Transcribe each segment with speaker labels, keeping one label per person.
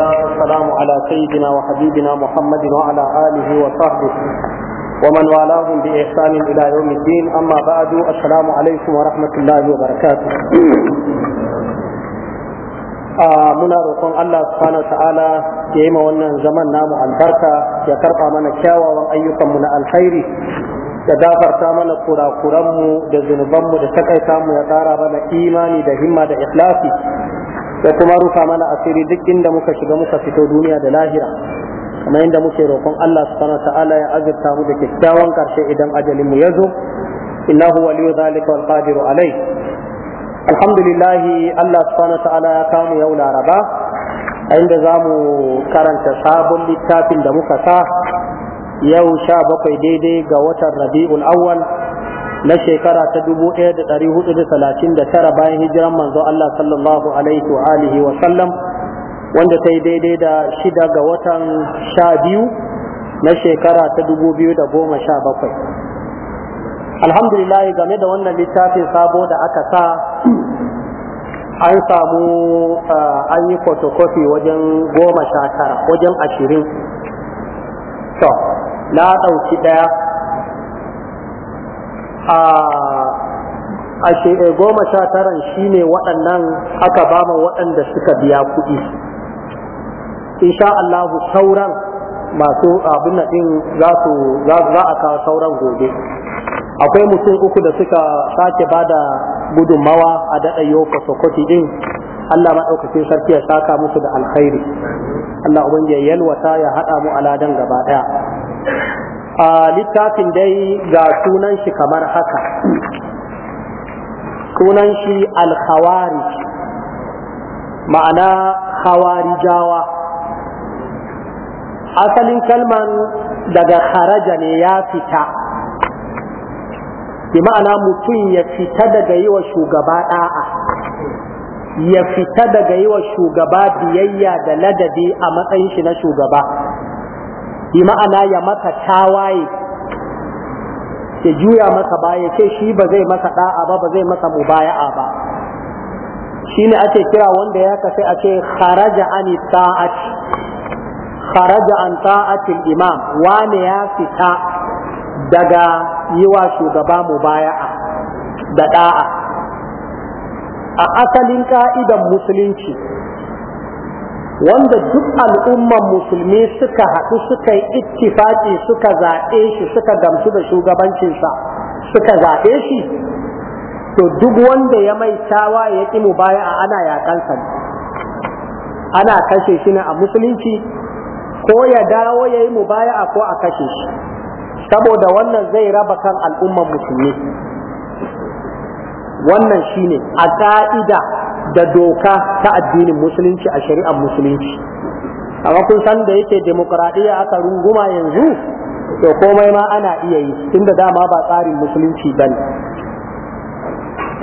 Speaker 1: والصلاة والسلام على سيدنا وحبيبنا محمد وعلى آله وصحبه ومن والاهم بإحسان إلى يوم الدين أما بعد السلام عليكم ورحمة الله وبركاته muna roƙon Allah subhanahu ta'ala ya yi ma wannan zaman namu albarka ya karɓa mana kyawawan ayyukanmu na alkhairi ya gafarta mana kurakuranmu da zunubanmu da takaita mu ya ƙara mana imani da himma da ikhlasi da kuma rufa mana asiri duk inda muka shiga muka fito duniya da lahira kamar yadda muke roƙon Allah subhanahu wa ta'ala ya azurta mu da kyakkyawan karshe idan ajalin mu ya zo innahu waliyu zalika wal qadiru alai alhamdulillah Allah subhanahu wa ta'ala ya kamu yau laraba a inda zamu karanta sabon littafin da muka sa yau sha bakwai daidai ga watan rabi'ul awwal na shekara ta 1439 bayan hijiran manzo Allah sallallahu alaihi wa alihi wa sallam wanda ta yi daidai da shida ga watan sha biyu na shekara ta 2017 alhamdulillah game da wannan littafin sabo da aka sa an samu an yi photocopy wajen goma sha tara wajen ashirin to na ɗauki ɗaya a eh, goma sha taran shine waɗannan aka bama waɗanda suka biya kuɗi insha Allahu sauran masu abin naɗin ɗin za su za a kawo sauran gobe akwai mutum uku da suka sake ba da gudunmawa a daɗa yoko sokoti ɗin, Allah ma maɗaukacin sarki ya saka musu da alkhairi Allah ubangiji ya yalwata ya haɗa mu aladan gaba ɗaya a littafin dai ga sunan shi kamar haka sunan shi alkhawarij ma'ana khawarijawa asalin kalman daga haraja ne ya fita bi ma'ana mutum ya fita daga yi wa shugaba ɗa'a ya fita daga yi wa shugaba biyayya da ladabi a matsayin shi na shugaba bi ma'ana ya maka tawaye ya juya maka baya ce shi ba zai masa da'a ba ba zai masa mubaya'a ba Shi ne ake kira wanda ya kafe a ce kharaja an ta'at kharaja an ta'atil imam wane ya fita daga yiwa shugaba mubaya'a da da'a a asalin ka'idan musulunci wanda duk al'umman musulmi suka haɗu suka yi ittifaki suka zaɓe shi suka gamsu da shugabancinsa suka zaɓe shi to duk wanda ya mai tawa ya ƙi mu baya a ana yaƙansa ana kashe shi ne a musulunci ko ya dawo ya yi mu baya a ko a kashe shi saboda wannan zai raba kan al'umman musulmi wannan shine a ƙa'ida da doka ta addinin musulunci a shari'ar musulunci amma kun san da yake demokradiyya aka runguma yanzu to komai ma ana iya yi tunda dama ba tsarin musulunci bane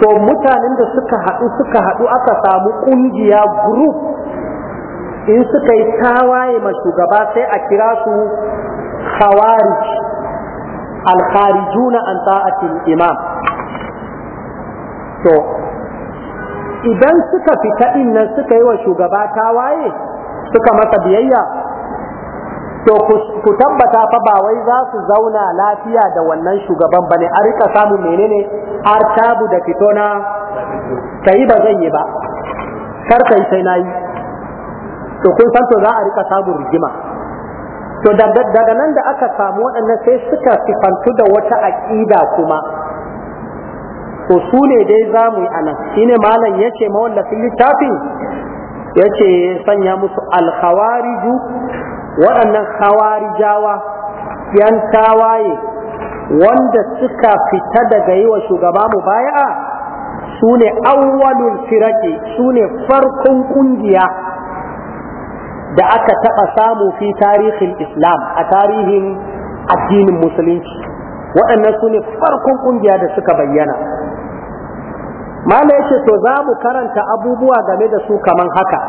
Speaker 1: to mutanen da suka haɗu suka haɗu aka samu ƙungiya group in suka yi tawaye ma shugaba sai a kira su khawarij al-kharijuna an ta'atil imam to idan suka fita din nan suka yi wa shugaba ta waye, suka masa biyayya to ku tabbata fa ba wai za su zauna lafiya da wannan shugaban ba ne a rika samun menene tabu da fito na yi ba zai yi ba kar yi sai na yi to kun san to za a rika samun rigima to daga nan da aka samu waɗannan sai suka sifantu da wata aƙida kuma to su ne dai za mu yi anan shine malam ya ce mawallafin littafin ya ce sanya musu alkhawariju waɗannan khawarijawa yan tawaye wanda suka fita daga yi wa shugaba mu baya'a su ne awwalul su ne farkon ƙungiya da aka taɓa samu fi tarihin islam a tarihin addinin musulunci waɗannan su ne farkon ƙungiya da suka bayyana mala yace to za mu karanta abubuwa game da su kaman haka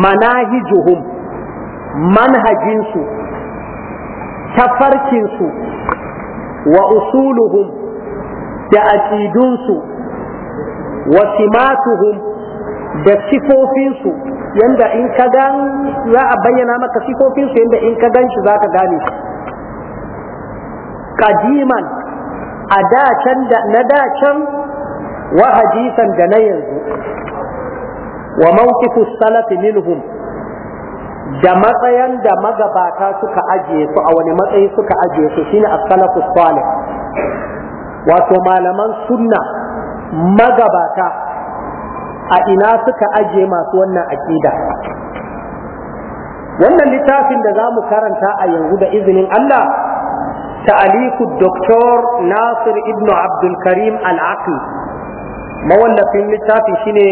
Speaker 1: manahijuhum manhajinsu tafarkinsu wa usuluhum da aƙidunsu wa simatuhum da sifofinsu yanda in ka gan za a bayyana maka sifofinsu yanda in ka gan shi za ka gane ƙadiman kadiman a can da na can wa hadisan da na yanzu wa mawqifu salafi minhum da matsayan da magabata suka ajiye su a wani matsayi suka ajiye su shine as-salafu salih wato malaman sunna magabata a ina suka ajiye masu wannan aqida wannan littafin da za mu karanta a yanzu da izinin Allah ta'aliku doktor Nasir Ibnu Abdul Karim al-Aqil mawallafin littafin shine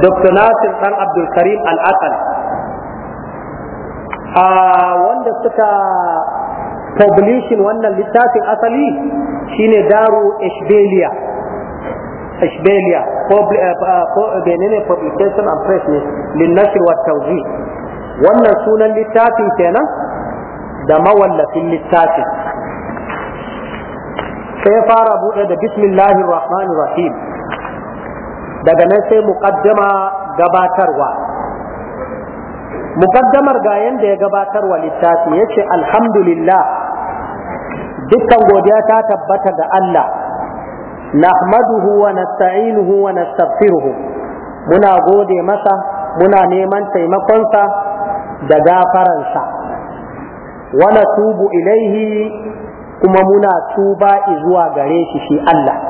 Speaker 1: dr nasir dan abdulkarim al'akal a wanda suka publishin wannan littafin asali shine daru ishbeliya ishbeliya benene eh, publication and press ne linnashir wa tawzi wannan sunan littafin kenan da mawallafin littafin sai fara bude da bismillahir rahmanir rahim daga nan sai muqaddama gabatarwa muqaddamar ga yanda ya gabatarwa littafi yace alhamdulillah dukkan godiya ta tabbata ga Allah nahmaduhu wa nasta'inuhu wa nastaghfiruhu muna gode masa muna neman taimakonsa da gafaransa wa natubu ilaihi kuma muna tuba zuwa gare shi shi Allah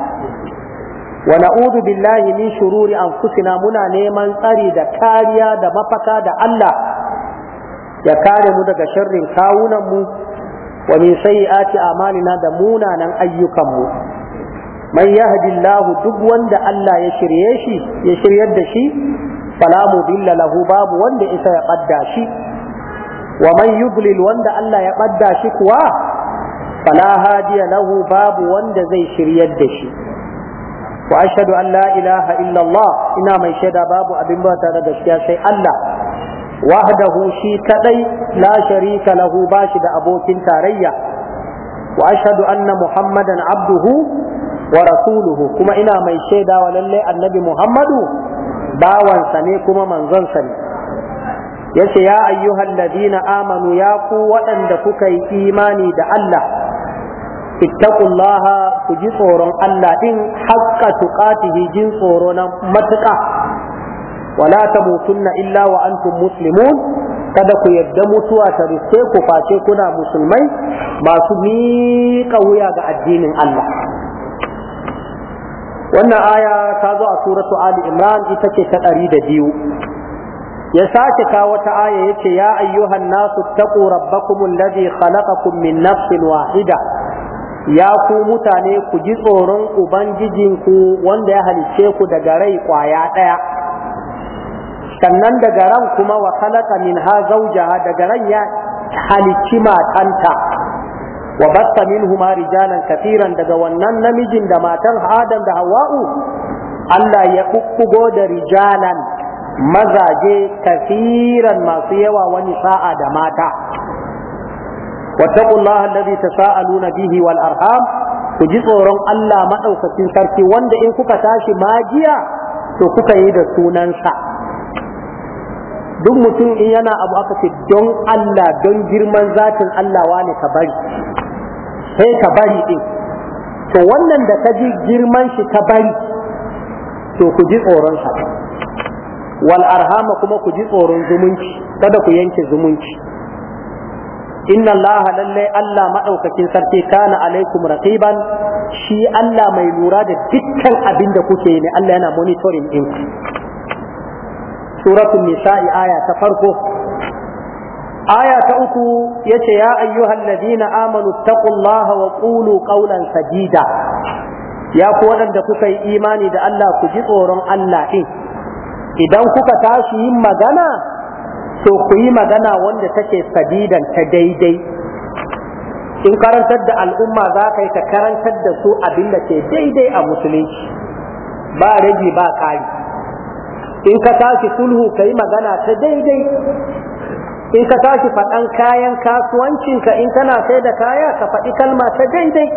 Speaker 1: wa na'udhu billahi min shururi anfusina muna neman tsari da kariya da mafaka da Allah ya kare mu daga sharrin kawunan mu wa min sayyiati amalina da munanan ayyukan mu man yahdillahu duk wanda Allah ya shirye shi ya shiryar da shi fala mudilla lahu babu wanda isa ya qadda shi wa man yudlil wanda Allah ya qadda shi kuwa fala hadiya lahu babu wanda zai shiryar da shi وأشهد أن لا إله إلا الله إنا من شهد باب أبن بطر شيء الله وحده شي كدي لا شريك له باشد أبوكين تاريا وأشهد أن محمدا عبده ورسوله كما إنا من شهد ولله النبي محمد باوان سني كما منزل سني yace ya ayyuhal ladina amanu ya ku waɗanda kuka yi imani da Allah ittaqullaha ku ji tsoron Allah din haqqa tuƙatu jin tsoro na matuƙa wala tamutunna illa wa antum muslimun kada ku yadda mutuwa ta riske ku face kuna musulmai masu miƙa wuya ga addinin Allah wannan aya ta zo a suratu ali imran ita ce ta ɗari da biyu ya sake kawo wata aya yace ya ayyuhan nasu taqu rabbakum alladhi khalaqakum min nafsin wahida ya ku mutane ku ji tsoron ubangijinku wanda ya halice ku daga rai kwaya ɗaya sannan daga ran kuma wa khalaqa minha zawjaha daga ran ya halicci matanta wa batta minhuma rijalan kathiran daga wannan namijin da matan Adam da hawa'u Allah ya kukkugo da rijalan mazaje kafiran masu yawa wani sa'a da mata واتقوا الله الذي تساءلون به والأرحام تجسور tsoron Allah أوكسين sarki wanda in kuka tashi ماجيا to kuka yi da sunansa. duk mutum in yana abu aka ce don Allah don girman zatin Allah wane ka bari sai ka bari ɗin. to wannan da ka ji girman shi ka bari to ku ji tsoron sa wal arhama kuma ku ji tsoron zumunci kada ku yanke zumunci inna Allah lalle Allah madaukakin sarki kana alaikum raqiban shi Allah mai lura da dukkan abin da kuke yi ne Allah yana monitoring din ku suratul nisa'i aya ta farko aya ta uku yace ya ayyuhal ladina amanu taqullaha wa qulu qawlan sadida ya ku waɗanda kuka yi imani da Allah ku ji tsoron Allah din idan kuka tashi yin magana to ku yi magana wanda take sadidan ta daidai in karantar da al'umma za ka yi ta karantar da su abin da ke daidai a musulunci ba rage ba kari in ka tashi sulhu ka yi magana ta daidai in ka tashi faɗan kayan kasuwancinka in kana sai da kaya ka faɗi kalma ta daidai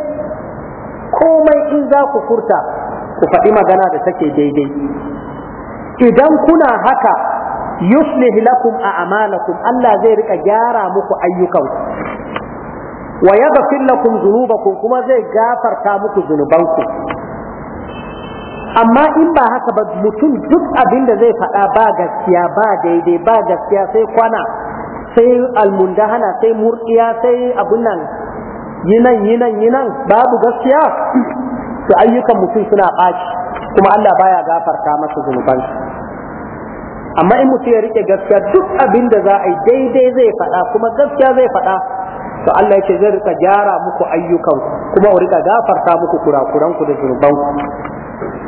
Speaker 1: komai in za ku furta ku faɗi magana da take daidai idan kuna haka yuslih lakum a'malakum Allah zai rika gyara muku ayyukanku wa yaghfir lakum dhunubakum kuma zai gafarta muku zunubanku amma in ba haka ba mutum duk abin da zai faɗa ba gaskiya ba daidai ba gaskiya sai kwana sai almundahana sai murɗiya sai abun nan yinan yinan yinan babu gaskiya to ayyukan mutum suna ɓaci kuma Allah baya gafarta masa zunubansa amma in mutum ya rike gaskiya duk abin da za a yi daidai zai faɗa kuma gaskiya zai faɗa to Allah yake zai rika gyara muku ayyukan kuma u rika gafarta muku kurakuran ku da zurban.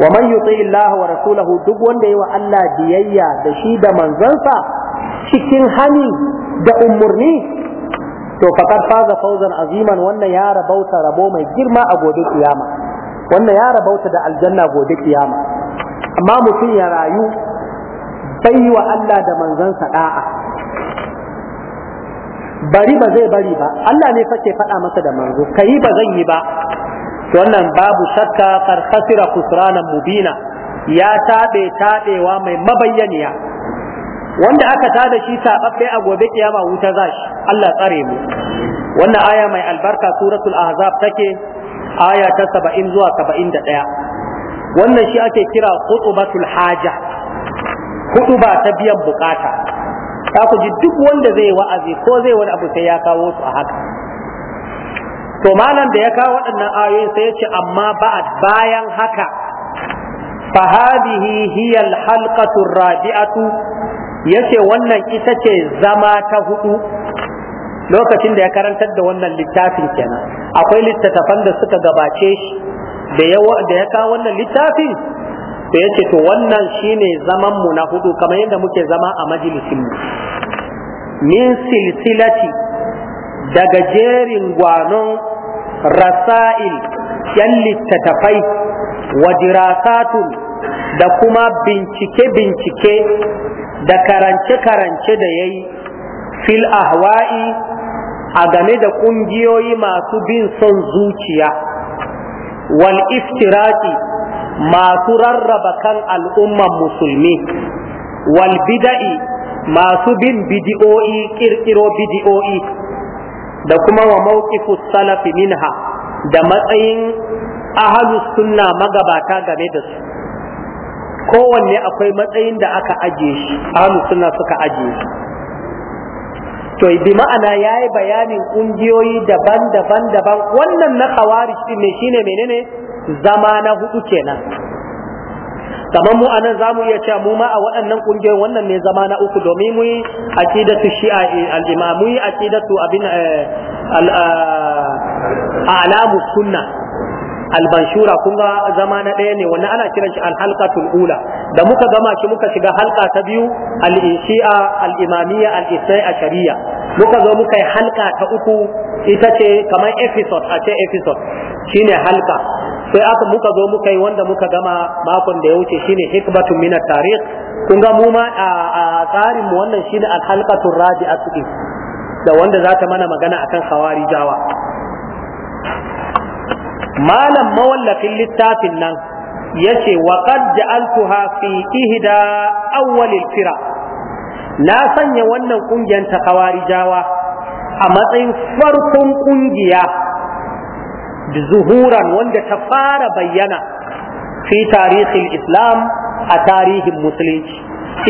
Speaker 1: wa man yuti Allah wa rasulahu duk wanda yi wa Allah biyayya da shi da manzansa cikin hani da umurni to faqad faza fawzan aziman wannan ya rabauta rabo mai girma a gobe kiyama wannan ya rabauta da aljanna gobe kiyama amma mutum ya rayu bai wa Allah da manzonsa ɗa'a. bari ba zai bari ba Allah ne fa ke faɗa masa da manzo kai ba zan yi ba to wannan babu shakka kar khasira khusranan mubina ya tabe tabewa mai mabayyaniya wanda aka tada shi sababbe a gobe kiyama wuta zashi Allah tsare mu wannan aya mai albarka suratul ahzab take aya ta 70 zuwa 71 wannan shi ake kira khutbatul haja hudu ba ta biyan bukata ta ku ji duk wanda zai wa'azi ko zai wani abu sai ya kawo su a haka to malam da ya kawo waɗannan ayoyi sai ya ce amma ba bayan haka فهذه halkatun الحلقة Ya yace wannan ita ce zama ta hudu lokacin da ya karantar da wannan littafin kenan akwai littattafan da suka gabace shi da ya kawo wannan littafin to to wannan shine zaman mu na hudu kamar yadda muke zama a majalisin mu min silsilati daga jerin gwanon rasail yan littattafai wa dirasatun da kuma bincike-bincike da karance-karance da yayi, fil ahwa'i a game da ƙungiyoyi masu bin son zuciya wal iftiraki masu rarraba kan al'umman musulmi wal bida'i masu bin bidi'o'i kirkiro bidi'o'i da kuma wa mawqifu salafi minha da matsayin ahalus sunna magabata game da su kowanne akwai matsayin da aka ajiye shi ahalus sunna suka ajiye shi to bi ma'ana yayi yi bayanin ƙungiyoyi daban-daban daban wannan na kawari ne shine menene zama na hudu kenan kamar mu anan za mu iya cewa mu ma a waɗannan ƙungiyoyin wannan ne zama na uku domin mu yi aqidatu shi'a shi imam mu yi aqidatu abin eh, eh, alamu sunna al-banshura kun ga zama na ɗaya ne wannan ana kiran shi al-halqatul ula da muka gama shi muka shiga halka ta biyu al-shi'a al a al-isai shari'a muka zo muka yi halka ta uku ita ce kamar episode a ce episode shine halka sai aka muka zo muka yi wanda muka gama makon da ya wuce shine hikmatun min tarikh kun ga mu ma a tsarin mu wannan shine al-halqatur rabi'atu da wanda za ta mana magana akan jawa malam mawallafin littafin nan yace wa qad ja'altuha fi ihda al fira na sanya wannan kungiyar ta jawa a matsayin farkon kungiya zuhuran wanda ta fara bayyana fi tarihin islam a tarihin musulunci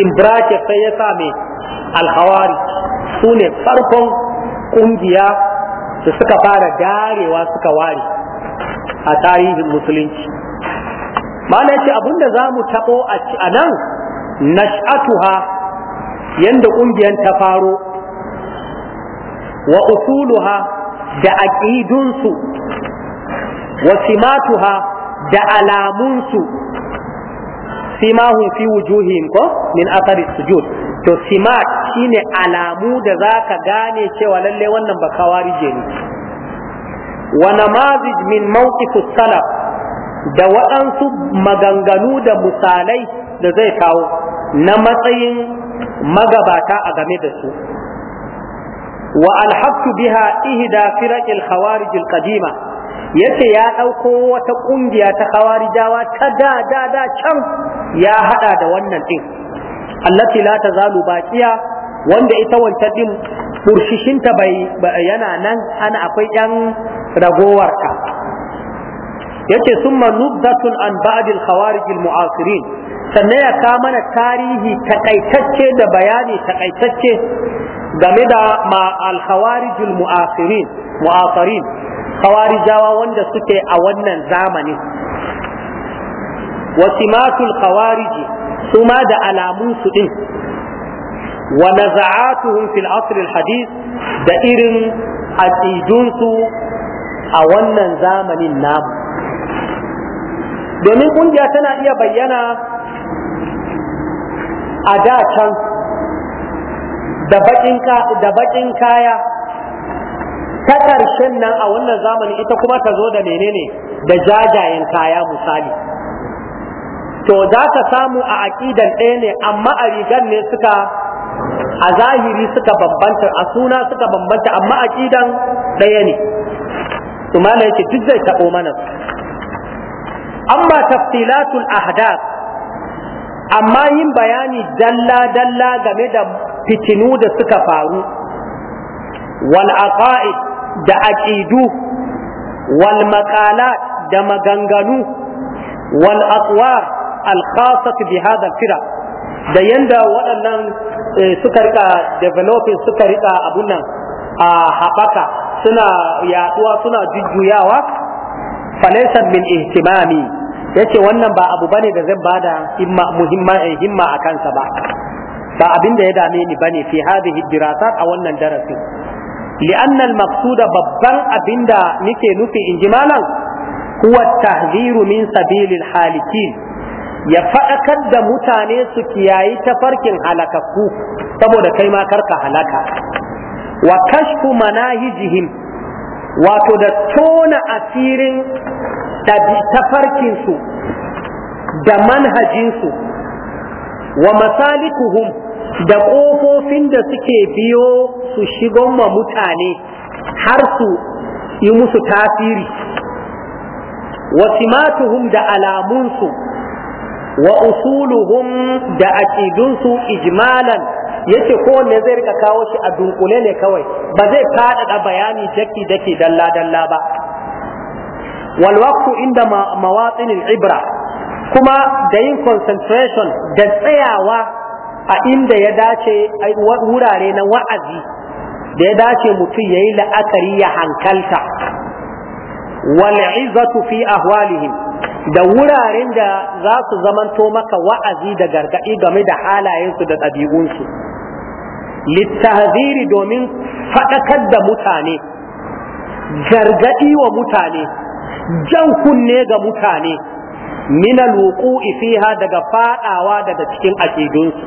Speaker 1: in bracket sai mai alhawari su ne farkon kungiya da suka fara darewa suka ware a tarihin musulunci mana ce abinda za mu taɓo a nan nash'atuha yadda ƙungiyar ta faro wa usuluha da aƙidunsu wa simatuha da alamunsu simahun fi wujuhihim ko min athari sujud to simat shine alamu da zaka gane cewa lalle wannan ba kawarije ne wa namazij min mawqif salaf da waɗansu maganganu da misalai da zai kawo na matsayin magabata a game da su wa alhaqtu biha ihda firaqil khawarij al qadima yace ya ɗauko wata ƙungiya ta kawarijawa ta da da da can ya haɗa da wannan ɗin allati la tazalu baƙiya wanda ita wancan ɗin burshishinta bai yana nan ana akwai ƴan ragowarta yace sun nubdatun an ba'adil khawarij mu'asirin sannan ya ka mana tarihi takaitacce da bayani takaitacce game da ma al khawarij mu'asirin mu'asirin khawarijawa wanda suke a wannan zamani wa simatul khawariji su da alamun su din wa naza'atuhum fil asr al hadith da irin aqidun a wannan zamanin namu domin kungiya tana iya bayyana a da can da bakin kaya ta ƙarshen nan a wannan zamani ita kuma ta zo da menene da jajayen kaya misali to za ka samu a aƙidan ɗaya ne amma a rigar ne suka a zahiri suka bambanta a suna suka bambanta amma a ƙidan ɗaya ne su mana yake duk zai taɓo mana amma tafsilatul ahdath amma yin bayani dalla-dalla game da fitinu da suka faru wal aqaid da aƙidu wal maqalat da maganganu wal atwar al bi hada fira da yanda waɗannan eh, suka rika developing suka rika abun nan a haɓaka suna yaɗuwa, suna jujjuyawa falaisa min ihtimami yace wannan ba abu bane da zan bada himma muhimma eh, himma a kansa ba ba abin da ya dame ni bane fi hadhihi dirasat a wannan darasin li'annal maqsuda babban abinda nike nufi inji malam huwa tahziru min sabilil halikin ya faɗakar da mutane su kiyayi tafarkin halakakku saboda kai ma wa kashfu manahijihim wato da tona asirin tafarkinsu da manhajinsu wa masalikuhum da ƙofofin da suke biyo su shigon ma mutane har su yi musu tasiri
Speaker 2: wasimatuhum
Speaker 1: da alamunsu wa usuluhum da aƙidunsu ijmalan yake kowanne zai rika kawo shi a dunkule ne kawai ba zai faɗaɗa bayani daki-daki dalla-dalla ba walwaktu inda mawatsinin ibra kuma da yin concentration da tsayawa a inda ya dace wurare na wa'azi da ya dace mutum ya yi la'akari ya hankalta wal'izatu fi ahwalihim da wuraren da za su zamanto maka wa'azi da gargaɗi game da halayensu da ɗabi'unsu Littahaziri domin faɗakar da mutane gargaɗi wa mutane jan kunne ga mutane min alwuqu'i fiha daga fadawa daga cikin akidunsu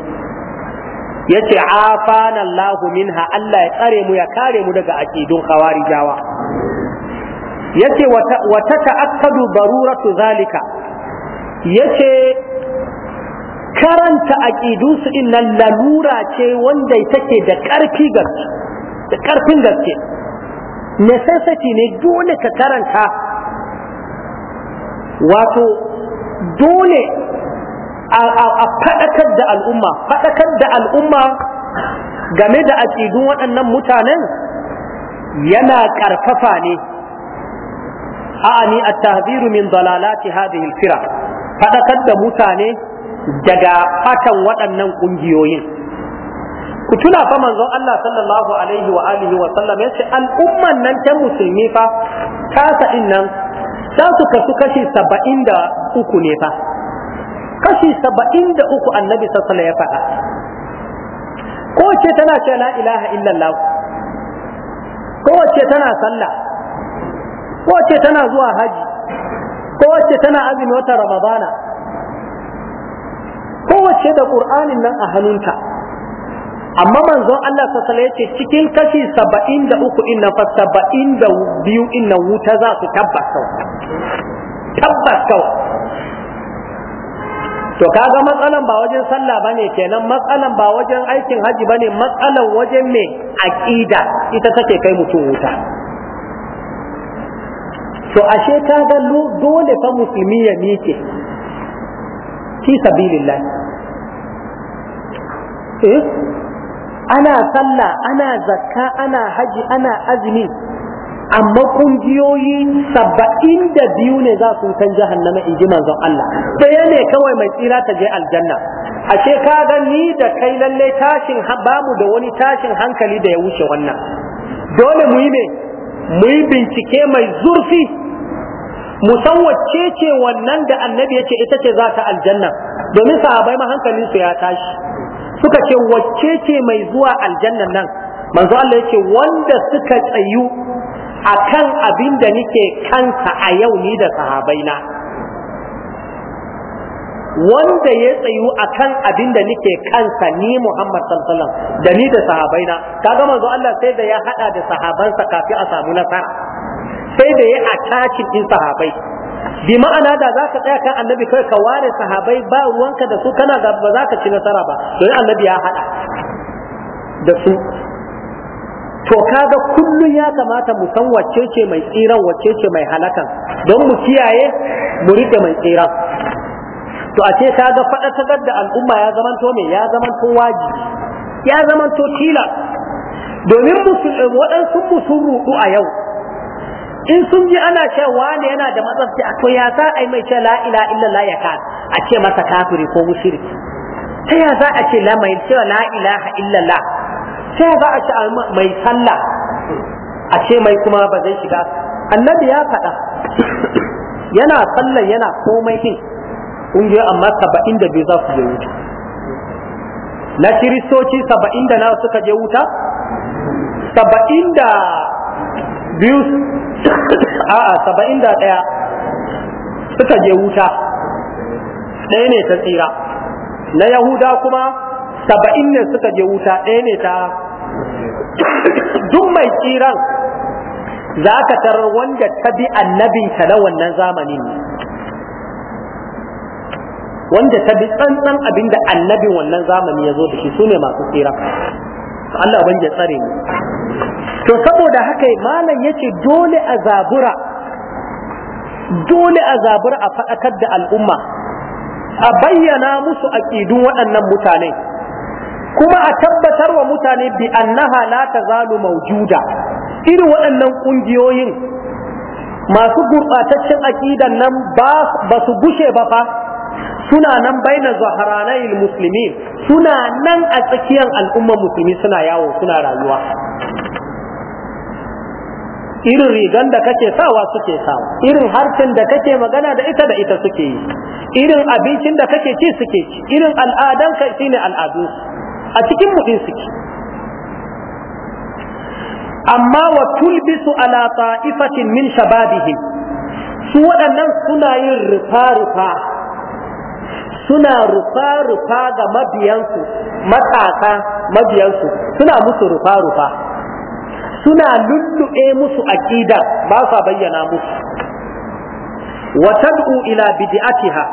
Speaker 1: yace afana Allah minha Allah ya tsare mu ya kare mu daga akidun khawarijawa yace wa ta'akkadu baruratu zalika yace karanta aqidunsu din nan lalura ce wanda take da karfi gaske da ƙarfin gaske necessity ne dole ka karanta wato dole a faɗakar da al'umma faɗakar da al'umma game da aƙidun waɗannan mutanen yana ƙarfafa ne a'ani at-tahziru min dalalati hadhihi al-fira faɗakar da mutane daga fatan waɗannan ƙungiyoyin ku tuna fa manzon Allah sallallahu alaihi wa alihi wa sallam yace al'umman nan ta musulmi fa kasa sa'in nan za su kasu kashi saba'in da uku ne fa kashi saba'in da uku annabi sassala ya faɗa kowace tana ce la ilaha illallah kowace tana sallah kowace tana zuwa haji kowace tana azumi wata ramadana kowace da ƙur'anin nan a hannunta amma manzon Allah sa alaihi wasallam cikin kashi 73 inna fa 72 inna wuta za su
Speaker 2: tabbas kau. tabbas kau.
Speaker 1: to kaga matsalan ba wajen sallah bane kenan matsalan ba wajen aikin haji bane matsalan wajen me aqida ita take kai mutum wuta to ashe kaga dole fa musulmi ya miƙe fi sabilillah eh ana sallah ana zakka ana haji ana azumi amma kungiyoyi saba'in da biyu ne za su san jahannama in ji manzon Allah ɗaya ne kawai mai tsira ta je aljanna Ashe ka ga ni da kai lalle tashin bamu da wani tashin hankali da ya wuce wannan dole mu yi ne mu yi bincike mai zurfi mu san wacce ce wannan da annabi yake ita ce za ta aljanna domin sahabai ma hankalin ya tashi suka ce wacce ce mai zuwa aljannan nan manzo Allah yake wanda suka tsayu akan abin da nike kansa a yau ni da sahabaina wanda ya tsayu akan abin da nike kansa ni Muhammad sallallahu da ni da sahabaina kaga manzo Allah sai da ya hada da sahabansa kafi a samu nasara sai da ya attach din sahabai bi ma'ana da za ka tsaya kan annabi kai ka ware sahabai ba ruwanka da su kana ga ba za ka ci nasara ba don annabi ya haɗa da su to kaga kullum ya kamata mu san wacce ce mai tsiran wacce ce mai halakan don mu kiyaye mu riƙe mai tsiran to a ce kaga faɗaɗar da al'umma ya zamanto me ya zamanto wajibi ya zamanto tilas domin waɗansu sun ruɗu a yau in sun ji ana cewa ne yana da matsafi a to ya za a yi mai ce la ila illa ya ka a ce masa kafiri ko mushriki ta ya za a ce la mai cewa la ilaha la ta ya za a ce mai sallah a ce mai kuma ba zai shiga annabi ya faɗa yana sallah yana komai din ƙungiyoyi amma saba'in da biyu za su je wuta na kiristoci saba'in da na suka je wuta saba'in da biyu a'a saba'in da ɗaya suka je wuta ɗaya ne ta tsira na yahuda kuma saba'in ne suka je wuta ɗaya ne ta duk mai tsiran za ka tarar wanda ta bi annabin annabinta na wannan zamanin wanda ta bi tsantsan abin da annabin wannan zamani ya zo da shi su ne masu tsiran. Allah ban ya tsare mu to saboda haka malam yace dole a zabura dole a zabura a faɗakar da al'umma a bayyana musu aƙidun waɗannan mutane kuma a tabbatar wa mutane bi annaha la tazalu mawjuda irin waɗannan ƙungiyoyin masu gurɓataccen aƙidan nan ba su gushe ba fa suna nan baina zaharanayil muslimin suna nan a tsakiyar al'ummar musulmi suna yawo suna rayuwa irin rigan da kake sawa suke sawa irin harshen da kake magana da ita da ita suke yi irin abincin da kake ci suke ci irin al'adan ka shine al'adun a cikin mutum suke amma wa tulbisu ala ta'ifatin min shababihim su waɗannan suna yin rufa rufa suna rufa-rufa ga mabiyansu matasa mabiyansu suna musu rufa-rufa suna lulluɓe musu aƙida ba sa bayyana musu wa tad'u ila bid'atiha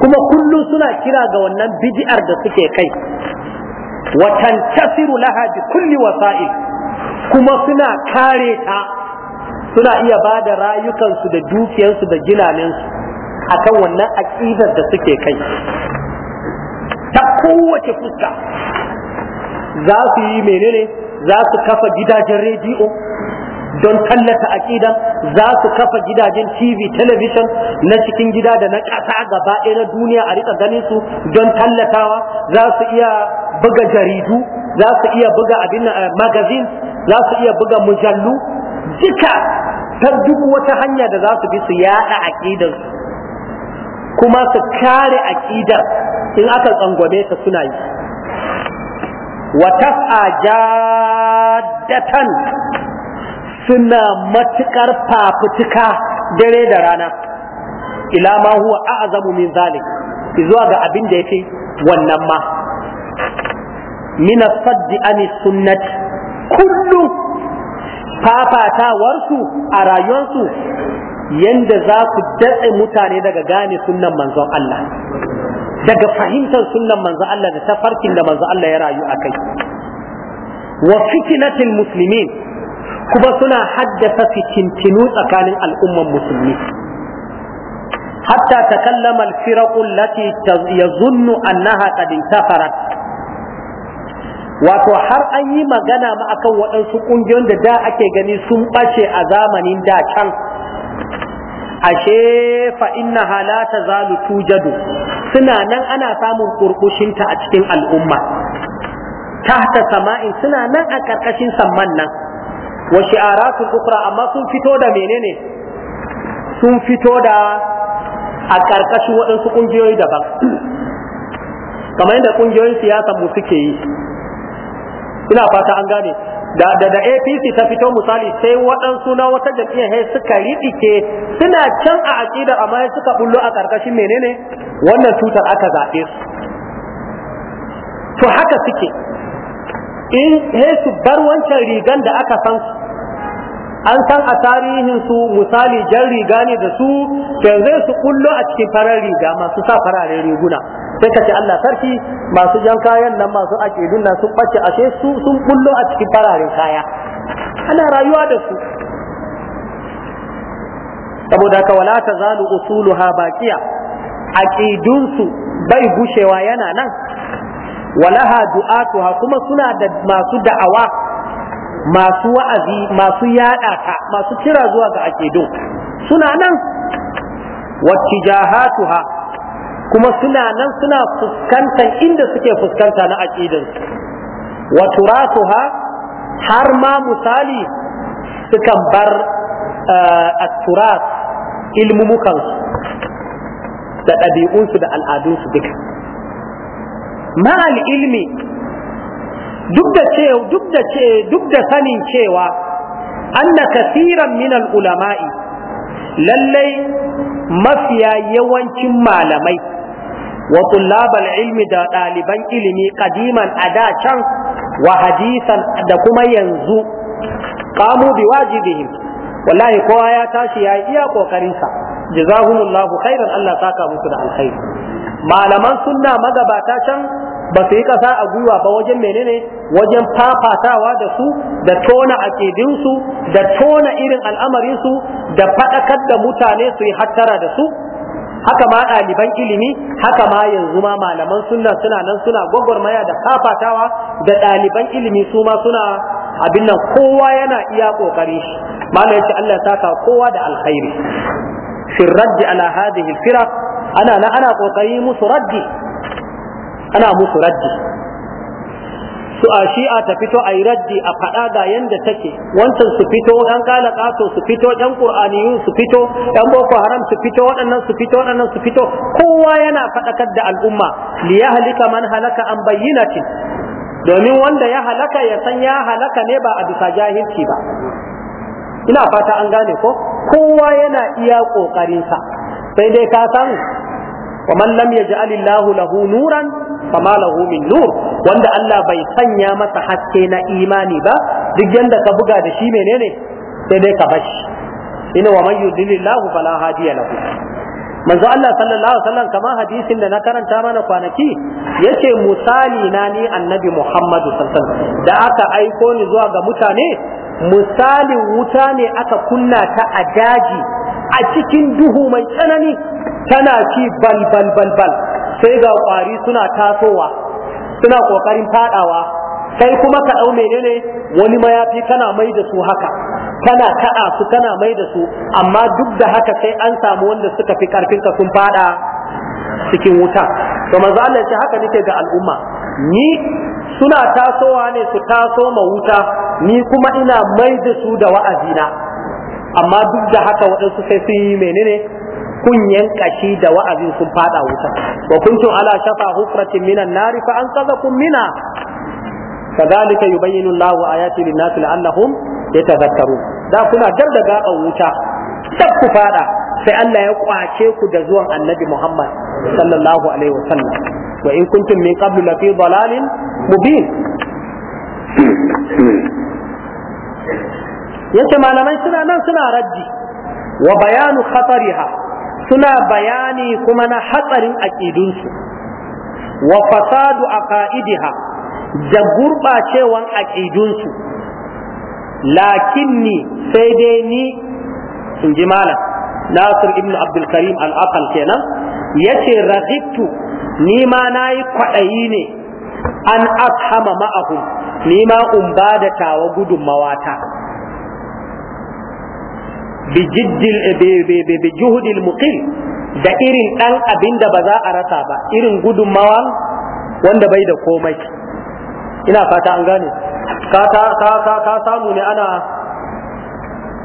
Speaker 1: kuma kullum suna kira ga wannan bid'ar da suke kai wa tantasiru laha bi kulli wasa'il kuma suna kare ta suna iya ba da rayukansu da dukiyarsu da jinanensu akan wannan aƙidar da suke kai ta kowace fuska za su yi menene za su kafa gidajen rediyo don tallata aƙida za su kafa gidajen TV television na cikin gida da na ƙasa gaba na duniya a rika ganin su don tallatawa za su iya buga jaridu za su iya buga abin eh, magazin za su iya buga mujallu duka ta duk wata hanya da za su bi su yaɗa aƙidarsu kuma su kare aƙidar in aka tsangwame ta suna yi wa tas'a suna matukar fafutuka dare da rana ila ma huwa a'zamu min zalik zuwa ga abin da yake wannan ma min as-saddi an kullu fafatawarsu a rayuwarsu yanda za su datse mutane daga gane sunnan manzon Allah daga fahimtar sunnan manzon Allah da tafarkin da manzon Allah ya rayu akai wa kinatin muslimin kuma suna haddasa fitintinu tsakanin al'umman musulmi hatta takallama al-firaq allati yazunnu annaha qad intafarat wato har an yi magana ma akan waɗansu ƙungiyoyin da da ake gani sun ɓace a zamanin da can ashe fa inna halata zalu tujadu suna nan ana samun kurkushinta a cikin al'umma tahta sama'in suna nan a karkashin samman nan wa shi'aratu ukra amma sun fito da menene sun fito da a karkashin waɗansu ƙungiyoyi daban kamar yadda ƙungiyoyin siyasa mu suke yi ina fata an gane da da da APC ta fito misali sai waɗansu na wata jam'iyya sai suka riɗike suna can a aqida amma sai suka bullo a karkashin menene wannan cutar aka zaɓe su to haka suke in sai su bar wancan rigan da aka san su an san a tarihin su misali jan riga ne da su zai su kullo a cikin farar riga masu sa fararen riguna sai ka ce Allah sarki masu jan kayan nan masu ake nan sun ɓace ashe su sun kullo a cikin fararen kaya ana rayuwa da su saboda ka wala ta zalu usuluha baqiya su bai gushewa yana nan walaha du'atuha kuma suna da masu da'awa masu wa'azi masu yada ta masu kira zuwa ga akidun suna nan wattijahatuha kuma suna nan suna fuskantar inda suke fuskanta na aqidan wa turatuha har ma misali sukan bar eh, at-turat ilmumukan da ɗabi'unsu da al'adunsu duka ma al-ilmi duk da ce duk da ce duk da sanin cewa anna kasiran min ulama'i lallai mafiya yawancin malamai wa tullabal ilmi da ɗaliban ilimi kadiman a da can wa hadisan da kuma yanzu kamu bi wajibihim wallahi kowa ya tashi ya iya kokarinsa jazahumullahu khairan Allah saka musu da alkhairi malaman sunna magabata can ba su yi ƙasa a gwiwa ba wajen menene wajen fafatawa da su da tona aƙidinsu da tona irin al'amarinsu da faɗakar da mutane su yi hattara da su haka ma ɗaliban ilimi haka ma yanzu ma malaman sunna suna nan suna gwagwarmaya da fafatawa da ɗaliban ilimi su ma suna abin nan kowa yana iya ƙoƙari shi malam yace Allah saka kowa da alkhairi fi raddi ala hadhihi al ana ana ƙoƙari musu raddi
Speaker 2: ana musu raddi
Speaker 1: su a shi'a ta fito a yi raddi a faɗa ga yadda take wancan su fito ɗan kalakato su fito ɗan ƙur'aniyun su fito ɗan boko haram su fito waɗannan su fito waɗannan su fito kowa yana faɗakar da al'umma liya halika man halaka an bayyinatin domin wanda ya halaka ya san ya halaka ne ba a bisa jahilci ba ina fata an gane ko kowa yana iya ƙoƙarinsa sai dai ka san wa man lam yaj'alillahu lahu nuran fama lahu min nur wanda Allah bai sanya masa haske na imani ba duk yanda ka buga da shi menene sai dai ka bashi ina wa man yudlilillahu fala hadiya lahu manzo Allah sallallahu alaihi wasallam kama hadisin da na karanta mana kwanaki yace misali na ni annabi Muhammadu sallallahu alaihi wasallam da aka aiko ni zuwa ga mutane misalin wuta ne aka kunna ta a daji a cikin duhu mai tsanani tana ci bal bal bal bal sai ga kwari suna tasowa suna kokarin fadawa sai kuma ka dau menene wani mayafi kana mai da su haka kana ta'a su kana mai da su amma duk da haka sai an samu wanda suka fi karfin ka sun fada cikin wuta to manzo Allah ya ce haka nake ga al'umma ni suna tasowa ne su taso ma wuta ni kuma ina mai da su da wa'azina amma duk da haka waɗansu sai sun yi menene Kun yanka shi da wa'azin sun fada wuta wa kuntum ala shafa hufratin minan nari fa anqadhakum mina kadhalika yubayyinu Allahu ayati lin-nasi la'allahum yatadhakkarun da kuna dar da gaban wuta Sab ku fada sai Allah ya kwace ku da zuwan Annabi Muhammad sallallahu alaihi wa sallam wa in kuntum min qablu la fi dalalin mubin yace malamai suna nan suna raddi wa bayanu khatariha suna bayani kuma na hatsarin aƙidunsu wa fasadu a ka'idiha da gurɓacewan aƙidunsu lakinni sai dai ni in ji malam nasir ibn abdulkarim al'aqal kenan ya ce rahittu ni ma na yi kwaɗayi ne an ashama ma'ahu ni ma in ba da tawa gudunmawata bi da irin ɗan abinda da ba za a rasa ba irin gudunmawa wanda bai da komai ina fata an gane ka samu ne ana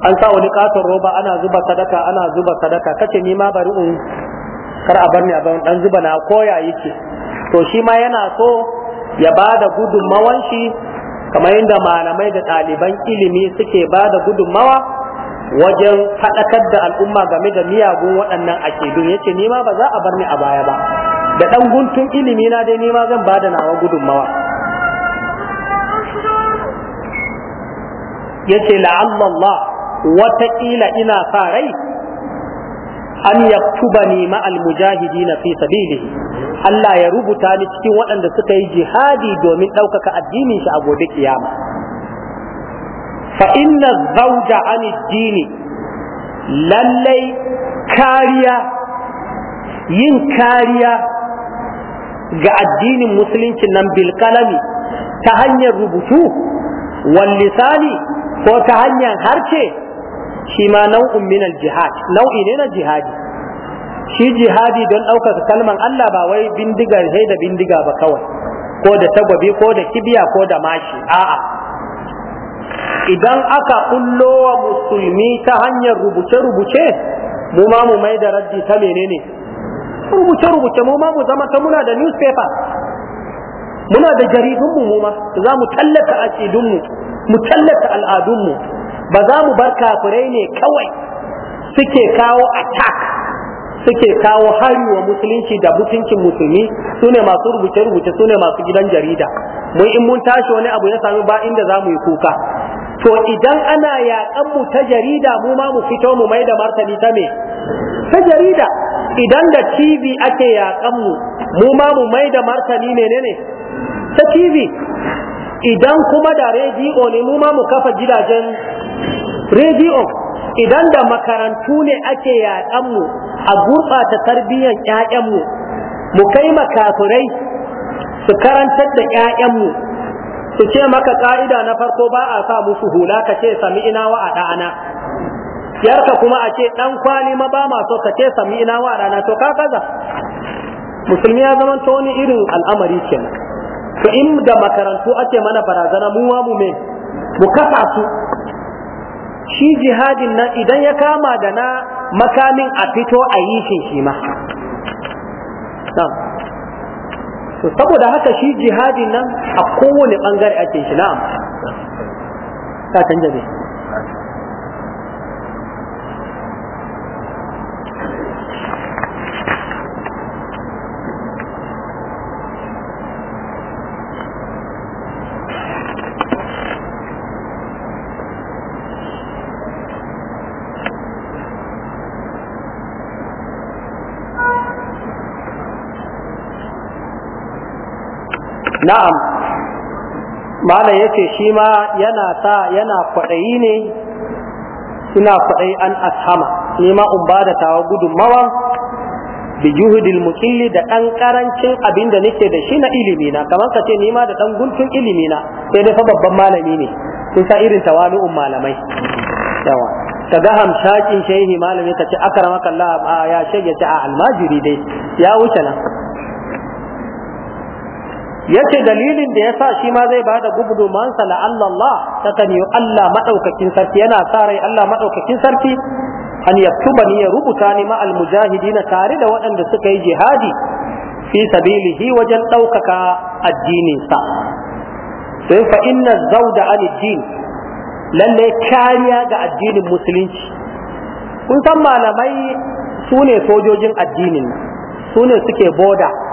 Speaker 1: an sa wani katon roba ana zuba sadaka ana zuba sadaka kace ni ma bari in kar a bar ni a dan zuba na koya yake to shi ma yana so ya ba da gudunmawan shi kamar yadda malamai da ɗaliban ilimi suke ba da gudunmawa wajen faɗakar da al'umma game da miyagun waɗannan akidun ya ce nima ba za a bar ni a baya ba da ɗan guntun ilimi na dai nima zan ba da nawa gudunmawa ya ce la'allallah wataƙila ina sa rai an yaktubani ma'al mujahidina fi sabilihi Allah ya rubuta ni cikin waɗanda suka yi jihadi domin ɗaukaka addinin shi a gobe kiyama fa inna zauja an dini lallai kariya yin kariya ga addinin musulunci nan bilkalami ta hanyar rubutu wallisani ko ta hanyar harce shi ma nau'in min jihad nau'i ne na jihadi shi jihadi don ɗaukar kalman Allah ba wai bindiga sai da bindiga ba kawai ko da tagwabi ko da kibiya ko da mashi a'a idan aka kullo wa musulmi ta hanyar rubuce-rubuce mu ma mu mai da raddi ta menene rubuce-rubuce mu ma mu zama ta muna da newspaper muna da jaridunmu mu ma za mu tallata aƙidunmu mu tallata al'adunmu ba za mu bar kafirai ne kawai suke kawo attack suke kawo hari wa musulunci da mutuncin musulmi su ne masu rubuce-rubuce su masu gidan jarida mun in mun tashi wani abu ya sami ba inda za mu yi kuka to idan ana yaƙan mu ta jarida mu ma mu fito mu mai da martani ta me ta jarida idan da TV ake yaƙan mu mu ma mu mai da martani menene ta TV idan kuma da rediyo ne mu ma mu kafa gidajen rediyo idan da makarantu ne ake yaƙan mu a gurɓata tarbiyyar ƴaƴanmu mu kai makafurai su karantar da ƴaƴanmu su ce maka ƙa'ida na farko ba a sa musu hula ka ce sami ina wa a ɗana yarka kuma a ce ɗan kwali ma ba maso ka ce sami ina wa a ɗana to ka kaza musulmi ya zama ta wani irin al'amari kenan to in da makarantu ake mana barazana mu wa mu me mu kafa su shi jihadin nan idan ya kama da na makamin a fito a yi shi shi ma saboda haka shi jihadin nan a kowane bangare ake shi na'am ta canja ne na'am malam yace shi ma yana sa yana kwaɗayi ne suna kwaɗayi an ashama ni ma in ba da tawa gudunmawa bi juhudil da ɗan ƙarancin abin da nake da shi na ilimi na kamar ka ce ni ma da ɗan guntun ilimi na sai dai fa babban malami ne sun sa irin tawalu'un malamai yawa ka ga hamshakin shehi malami ka ce akramaka Allah ya shege ta almajiri dai ya wuce nan yace dalilin da yasa shi ma zai bada gudumansa la Allah ta kani Allah madaukakin sarki yana sa rai Allah madaukakin sarki an yaktuba ni ya rubuta ni ma al tare da waɗanda suka yi jihadi fi sabilihi wajen ɗaukaka addinin sa sai fa inna zauda an din lalle kariya ga addinin musulunci kun san malamai ne sojojin addinin sune suke boda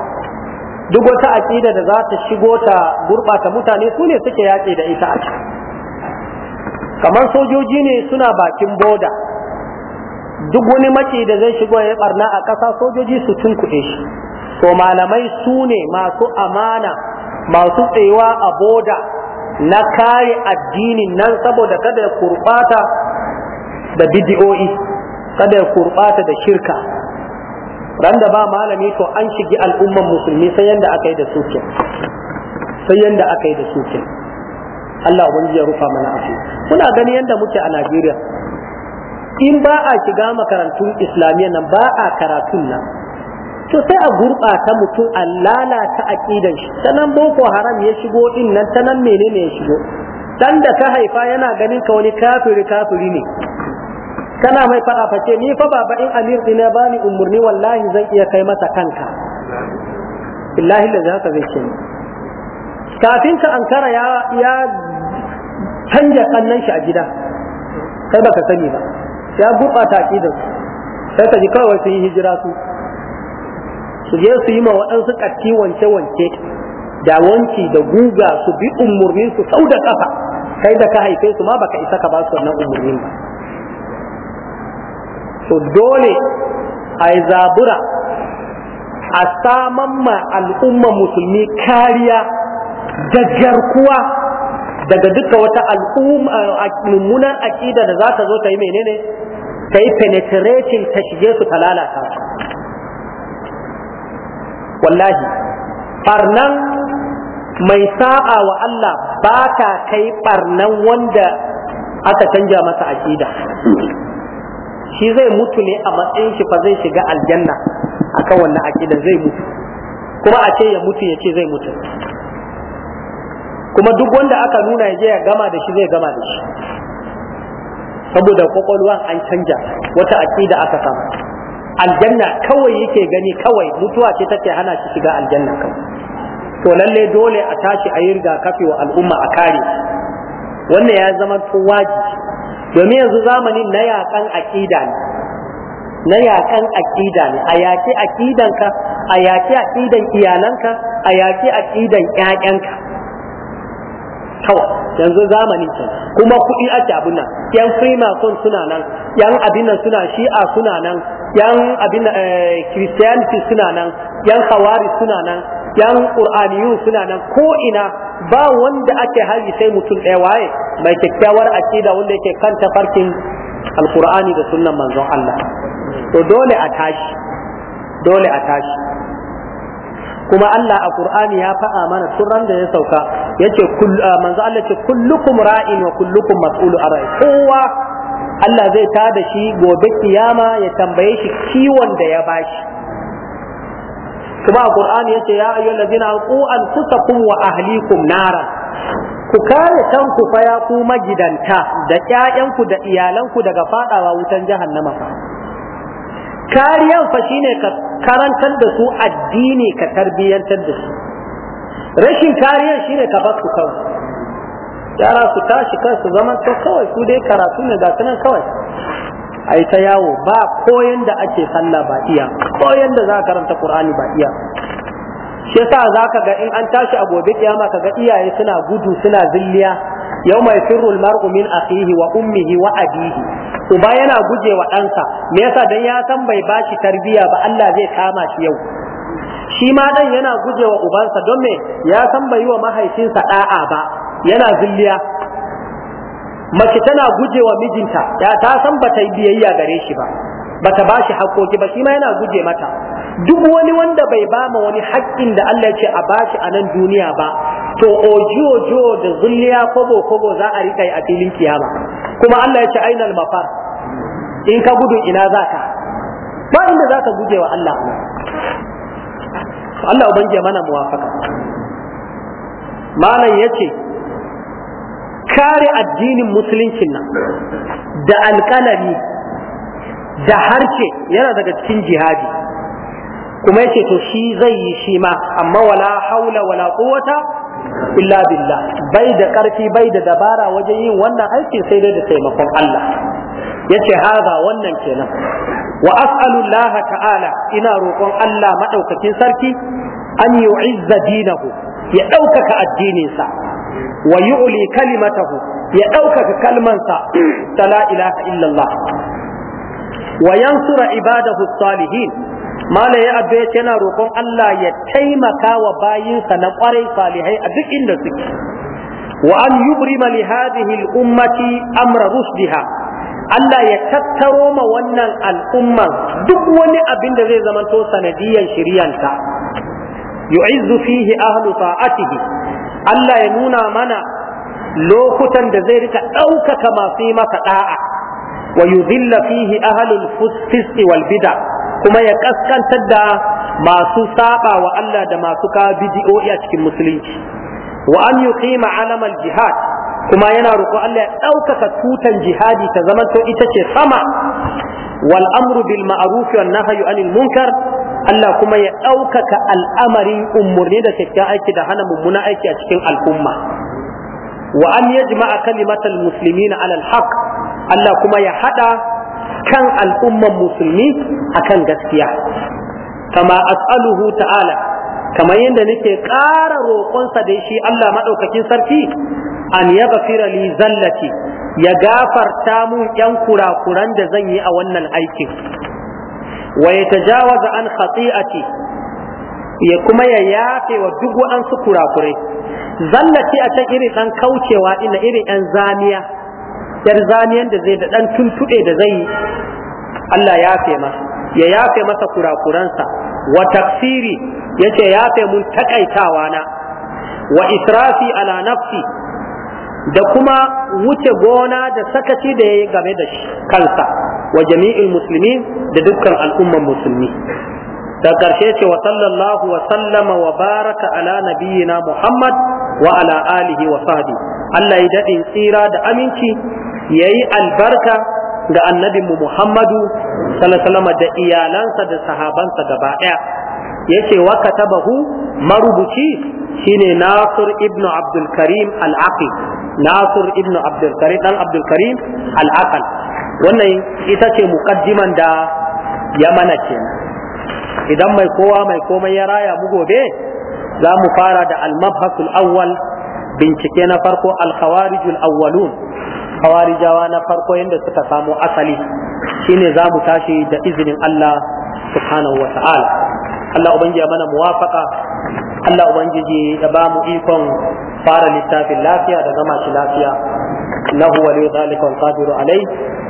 Speaker 1: duk wata aƙida da za ta shigo ta gurɓata mutane su ne suke yaƙi da ita a kamar sojoji ne suna bakin boda duk wani maki da zai shigo ya barna a ƙasa sojoji su tunkuɗe shi to malamai su ne masu amana masu tsayuwa a boda na kare addinin nan saboda kada ya kurɓata da bidiyoyi kada ya kurɓata da shirka ran ba malami to an shigi al'umman musulmi sai yanda aka yi da suke, sai yanda aka yi da suke. Allah ubangiji ya rufa mana afi kuna gani yanda muke a Najeriya in ba a shiga makarantun islamiyya nan ba a karatun nan to sai a gurɓata mutum a lalata aƙidan shi ta boko haram ya shigo din nan ta menene ya shigo dan da ka haifa yana ganin ka wani kafiri kafiri ne kana mai faɗa face ni fa baba in amir dina bani umarni wallahi zan iya kai masa kanka billahi da haka zai ce kafin ka ankara ya ya canja kannan shi a gida kai baka sani ba ya gurɓata su sai ka ji kawai su yi hijira su su je su yi ma waɗansu ƙarfi wance-wance da wanki da guga su bi umurnin su sau da ƙafa kai da ka haife su ma baka isa ka ba su wannan umarnin ba to dole a yi zabura a saman ma al'umma musulmi kariya da garkuwa daga duka wata mummunan aƙida da za ta zo ta yi menene ta yi penetrating ta shige su ta lalata wallahi ɓarnan mai sa'a wa Allah ba ta kai ɓarnan wanda aka canja masa aƙida shi zai mutu ne a matsayin shi fa zai shiga aljanna akan wannan akida zai mutu kuma a ce ya mutu ya ce zai mutu kuma duk wanda aka nuna ya je ya gama da shi zai gama da shi saboda kwakwalwan an canja wata akida aka samu aljanna kawai yake gani kawai mutuwa ce take hana shi shiga aljanna kawai to lalle dole a tashi a yi rigakafi wa al'umma a kare wannan ya zama wajibi domin yanzu zamanin na yakan aƙida ne na yakan aƙida ne a yaƙi aƙidanka a yaƙi aƙidan iyalanka a yaƙi aƙidan ƴaƴanka kawai yanzu zamanin ce kuma kuɗi ake abin nan yan freemason suna nan yan abin nan suna shi'a suna nan yan abin eh, christianity suna nan yan hawari suna nan yan qur'aniyun suna nan ko ina ba wanda ake haji sai mutum ɗaya waye mai kyakkyawar akida wanda yake kan tafarkin alqur'ani da sunnan manzon Allah to dole a tashi dole a tashi kuma Allah a Qur'ani ya fa'a mana turan da ya sauka yace manzon Allah ce kullukum ra'in wa kullukum mas'ulu an kowa Allah zai tada shi gobe kiyama ya tambaye shi kiwon da ya bashi kuma a qur'ani yace ya ayyuhal ladina qu anfusakum wa ahlikum nara ku kare kanku fa ya ku magidanta da ƴaƴanku da iyalanku daga fadawa wutan jahannama kariyan fa shine ka karantar da su addini ka tarbiyyantar da su rashin kariyan shine ka bar su kawai yara su tashi kansu zaman to kawai su dai karatu ne da kawai ai ta yawo ba koyan da ake sallah ba iya koyan da za karanta qur'ani ba iya shi yasa zaka ga in an tashi a gobe kiyama ga iyaye suna gudu suna zilliya yawma yafirru almar'u min akhihi wa ummihi wa abihi uba yana guje wa ɗansa me yasa dan ya san bai bashi tarbiya ba Allah zai kama shi yau shi ma dan yana guje wa ubansa don me ya san bai yi wa mahaifinsa da'a ba yana zilliya mace tana gujewa mijinta ya ta san bata yi biyayya gare shi ba bata ba shi haƙoƙi ba shi ma yana guje mata duk wani wanda bai ba ma wani haƙƙin da Allah ya ce a bashi a nan duniya ba to oji ojo da zulliya kobo kobo za a rika a filin kiyama kuma Allah ya ce ainal mafar in ka gudu ina za ka ba inda za ka guje wa Allah Allah ubangiya mana muwafaka malam ya ce kare addinin musuluncin nan da alƙalami da harshe yana daga cikin jihadi kuma yace to shi zai yi shi ma amma wala haula wala quwwata illa billah bai da ƙarfi bai da dabara wajen yin wannan aikin sai dai da taimakon Allah yace haza wannan kenan wa as'alu Allah ta'ala ina roƙon Allah madaukakin sarki an yu'izza dinahu ya ɗaukaka addininsa wa yu'li kalimatahu ya ɗaukaka kalmansa ta la ilaha illallah wa yansura ibadahu salihin mala ya abbe yana rokon Allah ya taimaka wa bayinsa na ƙwarai salihai a duk inda suke wa an yubrima li hadhihi al ummati amra rusdiha Allah ya tattaro ma wannan al'ummar duk wani abin da zai zamanto sanadiyan shiryanta yu'izzu fihi ahlu ta'atihi Allah ya nuna mana lokutan da zai rika ɗaukaka masu yi masa ɗa'a wa yuzilla fihi ahlul fisqi wal bid'a kuma ya kaskantar da masu saba wa Allah da masu kawo bidi'o'i a cikin musulunci wa an yuqima alamal jihad kuma yana roƙo Allah ya ɗaukaka tutan jihadi ta zamanto ita ce sama wal amru bil ma'ruf wan nahyu anil munkar Allah kuma ya ɗaukaka al'amarin umarni da kyakkyawan aiki da hana mummuna aiki a cikin al'umma wa an yajma'a musulmi na alal haq. Allah kuma ya haɗa kan al'umman musulmi akan gaskiya kama as'aluhu ta'ala kamar yadda nake ƙara roƙonsa da shi Allah maɗaukakin sarki an ya gafira li zallati ya gafarta mun yan kurakuran da zan yi a wannan aikin wa yatajawaza an khati'ati ya kuma ya yafe wa duk waɗansu kurakurai zallace a can irin ɗan kaucewa ina irin yan zamiya yar zamiyan da zai da ɗan tuntuɗe da zai yi. Allah ya yafe masa ya yafe masa kurakuransa wa tafsiri yace yafe mun takaitawa na wa israfi ala nafsi da kuma wuce gona da sakaci da ya yi game da kansa wa jami'il muslimin da dukkan al'umman musulmi da ƙarshe ce wa sallallahu wa sallama wa baraka ala nabiyyina muhammad wa ala alihi wa sahbi Allah ya daɗin tsira da aminci yayi albarka ga annabi muhammadu sallallahu da iyalansa da sahabansa gaba ɗaya yace wa katabahu marubuci shine nasir ibn abdul karim al-aqil nasir ibn abdul karim dan abdul karim al-aqil wannan ita ce muqaddiman da ya mana kenan idan mai kowa mai komai ya raya mu gobe za mu fara da almabhasul mabhasul awwal bincike na farko al-khawarijul awwalun khawarijawa na farko yadda suka samo asali shine za mu tashi da izinin Allah subhanahu wa ta'ala Allah ubangiji mana muwafaka Allah ubangiji ya ba mu ikon fara littafin lafiya da zama shi lafiya lahu waliyu zalika wal qadiru